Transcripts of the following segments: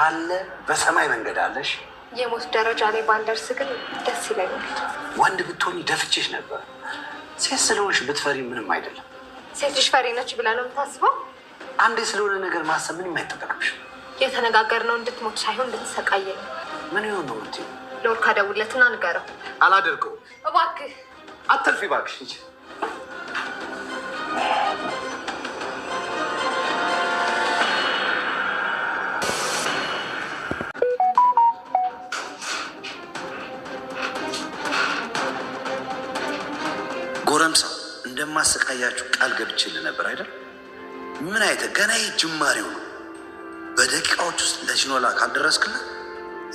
ካለ በሰማይ መንገድ አለሽ። የሞት ደረጃ ላይ ባንደርስ ግን ደስ ይለኛል። ወንድ ብትሆኝ ደፍቼሽ ነበር። ሴት ስለሆንሽ ብትፈሪ ምንም አይደለም። ሴትሽ ፈሪ ነች ብላ ነው የምታስበው። አንዴ ስለሆነ ነገር ማሰብ ምንም አይጠበቅብሽ። የተነጋገርነው እንድትሞት ሳይሆን እንድትሰቃየ ነው። ምን ይሆን ነው ምት ሎርካ ደውለትና ንገረው። አላደርገው እባክህ፣ አትልፊ እባክሽ እንዳሳያችሁ ቃል ገብችል ነበር አይደል? ምን አይተ ገና ጅማሬው ነው። በደቂቃዎች ውስጥ ለሽኖላ ካልደረስክለት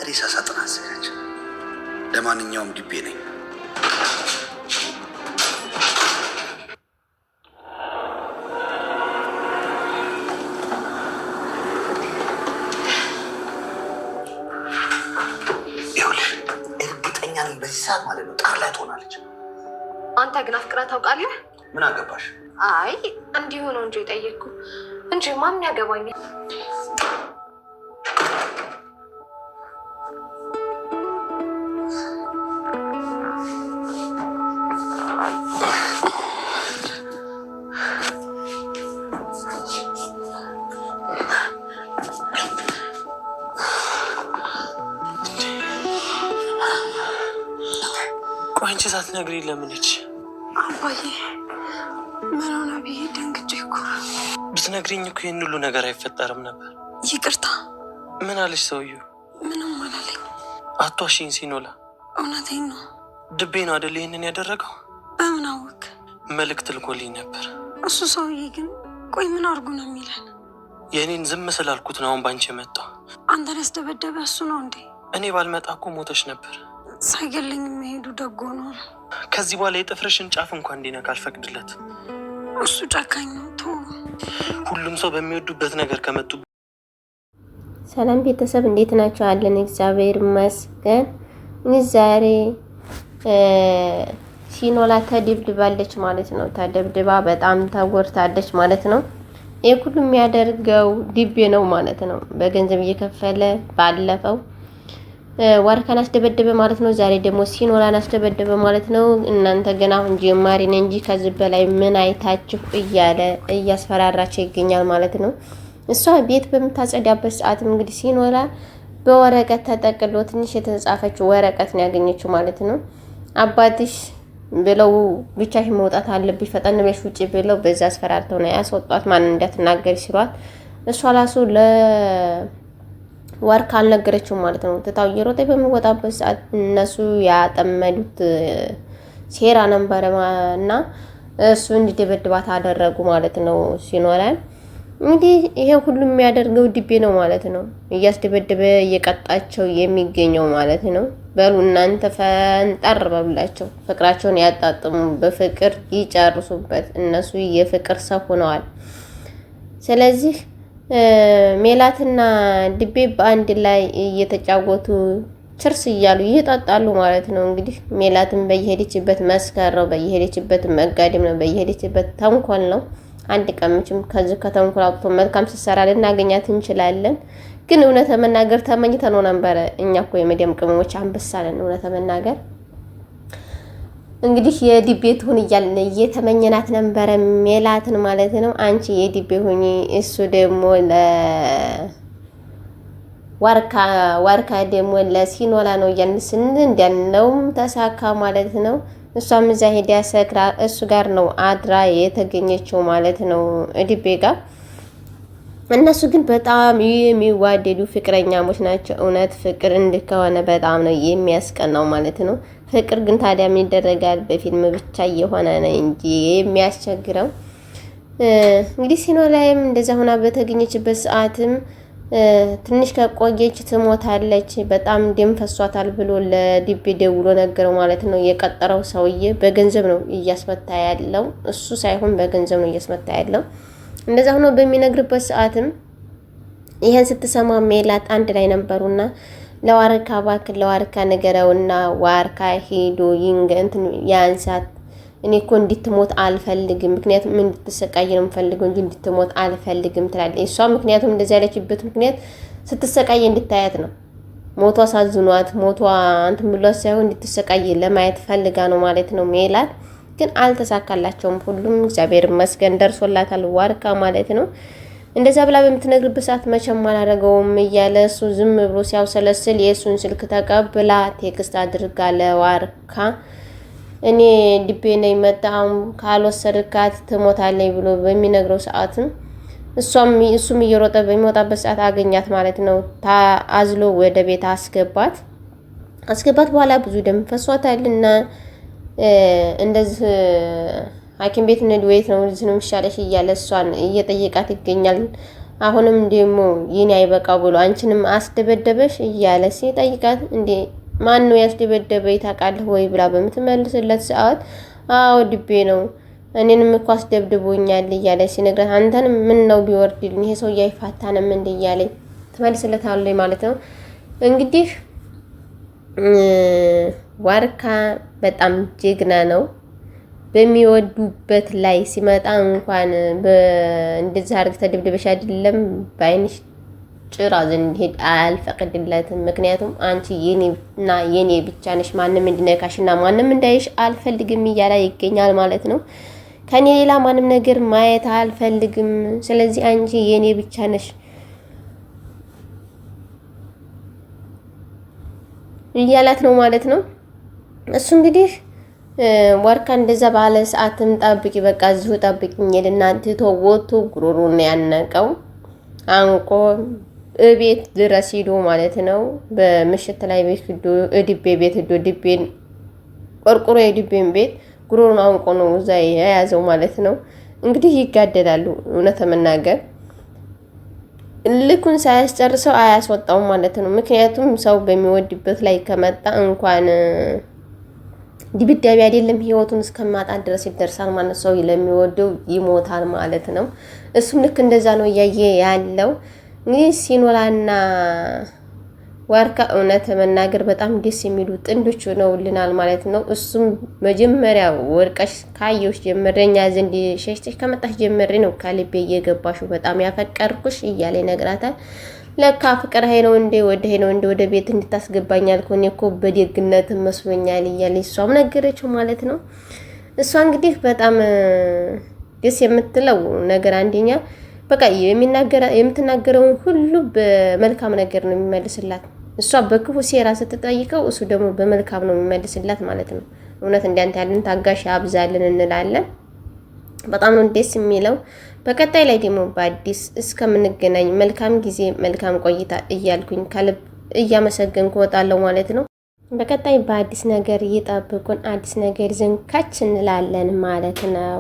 ሬሳ ሳጥን አዘጋጅ። ለማንኛውም ድቤ ነኝ። እርግጠኛ ነኝ በዚህ ሰዓት ማለት ነው ጣር ላይ ትሆናለች። አንተ ግን አፍቅራ ታውቃለህ? ምን አገባሽ? አይ እንዲሁ ነው እንጂ የጠየቅኩ እንጂ ማን ያገባኛል? ቆይ አንቺ ሳትነግሪኝ ለምን ሄድሽ አባዬ? ምን ሆነ ብዬ ደንግጬ እኮ ብትነግሪኝ እኮ ይህን ሁሉ ነገር አይፈጠርም ነበር። ይቅርታ። ምን አለች ሰውዬው? ምንም አላለኝ። አቷሽኝ ሲኖላ፣ እውነቴን ነው። ድቤ ነው አደል ይህንን ያደረገው? በምን አወክ? መልእክት ልኮልኝ ነበር። እሱ ሰውዬ ግን ቆይ ምን አድርጎ ነው የሚለን? የእኔን ዝም ስላልኩት ነው አሁን ባንቺ የመጣው። አንተን ያስደበደበ እሱ ነው እንዴ? እኔ ባልመጣ እኮ ሞተች ነበር። ሳይገለኝ የሚሄዱ ደጎ ነው። ከዚህ በኋላ የጥፍርሽን ጫፍ እንኳን እንዲነካ አልፈቅድለት እሱ ጨካኝ ነው። ሁሉም ሰው በሚወዱበት ነገር ከመጡ ሰላም ቤተሰብ እንዴት ናቸው? አለን እግዚአብሔር ይመስገን። እንግዲህ ዛሬ ሲኖላ ተደብድባለች ማለት ነው። ተደብድባ በጣም ተጎድታለች ማለት ነው። ይህ ሁሉ የሚያደርገው ድቤ ነው ማለት ነው። በገንዘብ እየከፈለ ባለፈው ዋርካን አስደበደበ ማለት ነው። ዛሬ ደግሞ ሲኖላን አስደበደበ ማለት ነው። እናንተ ገና አሁን ጀማሪ ነን እንጂ ከዚህ በላይ ምን አይታችሁ እያለ እያስፈራራቸው ይገኛል ማለት ነው። እሷ ቤት በምታጸዳበት ሰዓትም እንግዲህ ሲኖላ በወረቀት ተጠቅሎ ትንሽ የተጻፈች ወረቀት ነው ያገኘችው ማለት ነው። አባትሽ ብለው ብቻሽ መውጣት አለብሽ ፈጠን ብለሽ ውጭ ብለው በዛ አስፈራርተው ነው ያስወጧት። ማን እንዳትናገር ሲሏት እሷ ራሱ ለ ወርቅ አልነገረችውም ማለት ነው። ትታው እየሮጠ በሚወጣበት ሰዓት እነሱ ያጠመዱት ሴራ ነበረ እና እሱ እንዲደበድባት አደረጉ ማለት ነው። ሲኖላን እንግዲህ ይሄ ሁሉም የሚያደርገው ድቤ ነው ማለት ነው። እያስደበደበ እየቀጣቸው የሚገኘው ማለት ነው። በሉ እናንተ ፈንጠር በብላቸው፣ ፍቅራቸውን ያጣጥሙ፣ በፍቅር ይጨርሱበት። እነሱ የፍቅር ሰው ሆነዋል። ስለዚህ ሜላትና ድቤ በአንድ ላይ እየተጫወቱ ችርስ እያሉ ይጠጣሉ ማለት ነው። እንግዲህ ሜላትን በየሄደችበት መስከር ነው፣ በየሄደችበት መጋደም ነው፣ በየሄደችበት ተንኮል ነው። አንድ ቀምችም ከዚህ ከተንኮል አውጥቶ መልካም ስትሰራ ልናገኛት እንችላለን። ግን እውነት መናገር ተመኝተ ነው ነበረ። እኛ እኮ የመዲያም ቅመሞች አንበሳ ነን፣ እውነት መናገር እንግዲህ የዲቤት ሁን እያልን እየተመኘናት ነበረ ሜላትን ማለት ነው። አንቺ የዲቤ ሁኝ እሱ ደግሞ ለዋርካ ዋርካ ደግሞ ለሲኖላ ነው እያልን ስን እንዲያነውም ተሳካ ማለት ነው። እሷም እዛ ሄዳ ሰክራ እሱ ጋር ነው አድራ የተገኘችው ማለት ነው ዲቤ ጋር እነሱ ግን በጣም የሚዋደዱ ፍቅረኛሞች ናቸው። እውነት ፍቅር እንዲህ ከሆነ በጣም ነው የሚያስቀናው ማለት ነው። ፍቅር ግን ታዲያ ምን ይደረጋል፣ በፊልም ብቻ እየሆነ ነው እንጂ የሚያስቸግረው። እንግዲህ ሲኖ ላይም እንደዛ ሆና በተገኘችበት ሰዓትም ትንሽ ከቆየች ትሞታለች፣ በጣም ደም ፈሷታል ብሎ ለዲቤ ደውሎ ነገረው ማለት ነው። የቀጠረው ሰውዬ በገንዘብ ነው እያስመታ ያለው እሱ ሳይሆን በገንዘብ ነው እያስመታ ያለው እንደዛ ሆኖ በሚነግርበት ሰዓትም ይሄን ስትሰማ ሜላት አንድ ላይ ነበሩና ለዋርካ እባክህ ለዋርካ ነገረውና ዋርካ ሂዶ ይንገ እንትን ያንሳት። እኔ እኮ እንድትሞት አልፈልግም፣ ምክንያቱም እንድትሰቃይ ነው የምፈልገው እንጂ እንድትሞት አልፈልግም ትላለች እሷ። ምክንያቱም እንደዚህ ያለችበት ምክንያት ስትሰቃይ እንድታያት ነው። ሞቷ ሳዝኗት ሞቷ እንትን ብሏት ሳይሆን እንድትሰቃይ ለማየት ፈልጋ ነው ማለት ነው ሜላት ግን አልተሳካላቸውም። ሁሉም እግዚአብሔር ይመስገን ደርሶላታል ዋርካ ማለት ነው። እንደዛ ብላ በምትነግርበት ሰዓት መቼም አላደረገውም እያለ እሱ ዝም ብሎ ሲያውሰለስል የእሱን ስልክ ተቀብላ ቴክስት አድርጋ ለዋርካ እኔ ድቤ ነኝ መጣም ካልወሰድካት ትሞታለኝ ብሎ በሚነግረው ሰዓትም እሷም እሱም እየሮጠ በሚወጣበት ሰዓት አገኛት ማለት ነው። አዝሎ ወደ ቤት አስገባት። አስገባት በኋላ ብዙ ደም ፈሷታልና እንደዚህ ሐኪም ቤት እንሂድ ወይት ነው እዚህ ነው የሚሻለሽ እያለ እሷን እየጠየቃት ይገኛል። አሁንም ደግሞ ይህን አይበቃ ብሎ አንቺንም አስደበደበሽ እያለ ሲጠይቃት እንዴ ማን ነው ያስደበደበ ታውቃለህ ወይ ብላ በምትመልስለት ሰዓት አዎ ድቤ ነው እኔንም እኮ አስደብድቦኛል እያለ ሲነግራት አንተን ምን ነው ቢወርድልኝ ይሄ ሰው እያይፋታንም እንደ እያለ ትመልስለታለች ማለት ነው እንግዲህ ዋርካ በጣም ጀግና ነው። በሚወዱበት ላይ ሲመጣ እንኳን እንደዚህ አድርግ ተደብደበሽ አይደለም በአይንሽ ጭራ ዘንድ ሄድ አልፈቅድለትም። ምክንያቱም አንቺ የኔና የኔ ብቻ ነሽ፣ ማንም እንዲነካሽ ማንም እንዳይሽ አልፈልግም እያላ ይገኛል ማለት ነው። ከኔ ሌላ ማንም ነገር ማየት አልፈልግም። ስለዚህ አንቺ የኔ ብቻ ነሽ እያላት ነው ማለት ነው። እሱ እንግዲህ ወርካ እንደዛ ባለ ሰዓትም ጠብቂ በቃ እዚሁ ጠብቂኝ ይልና ትቶ ወጥቶ ጉሮሮን ያነቀው አንቆ እቤት ድረስ ሂዶ ማለት ነው። በምሽት ላይ ቤት ሂዶ ድቤ ቤት ሂዶ ድቤን ቆርቆሮ የድቤን ቤት ጉሮሮን አንቆ ነው እዛ የያዘው ማለት ነው። እንግዲህ ይጋደላሉ። እውነት መናገር ልኩን ሳያስጨርሰው አያስወጣውም ማለት ነው። ምክንያቱም ሰው በሚወድበት ላይ ከመጣ እንኳን ድብዳቤ አይደለም ህይወቱን እስከማጣት ድረስ ይደርሳል ማለት ሰው ለሚወደው ይሞታል ማለት ነው። እሱም ልክ እንደዛ ነው እያየ ያለው እንግዲህ ሲኖላና ዋርካ እውነት መናገር በጣም ደስ የሚሉ ጥንዶች ሆነውልናል ማለት ነው። እሱም መጀመሪያ ወርቀሽ ካየሁሽ ጀመረ ዘንድ ሸሽተሽ ከመጣሽ ጀመሬ ነው ከልቤ እየገባሹ በጣም ያፈቀርኩሽ እያለ ይነግራታል። ለካ ፍቅር ነው እንዴ ወደ ነው እንዴ ወደ ቤት እንድታስገባኝ አልኩ። እኔ እኮ በደግነት መስሎኛል እያለች እሷም ነገረችው ማለት ነው። እሷ እንግዲህ በጣም ደስ የምትለው ነገር አንደኛ በቃ የምትናገረውን ሁሉ በመልካም ነገር ነው የሚመልስላት። እሷ በክፉ ሴራ ስትጠይቀው እሱ ደግሞ በመልካም ነው የሚመልስላት ማለት ነው። እውነት እንዳንተ ያለን ታጋሽ አብዛልን እንላለን። በጣም ነው ደስ የሚለው። በቀጣይ ላይ ደግሞ በአዲስ እስከምንገናኝ መልካም ጊዜ፣ መልካም ቆይታ እያልኩኝ ከልብ እያመሰገንኩ ወጣለሁ ማለት ነው። በቀጣይ በአዲስ ነገር እየጠብቁን፣ አዲስ ነገር ዘንካች እንላለን ማለት ነው።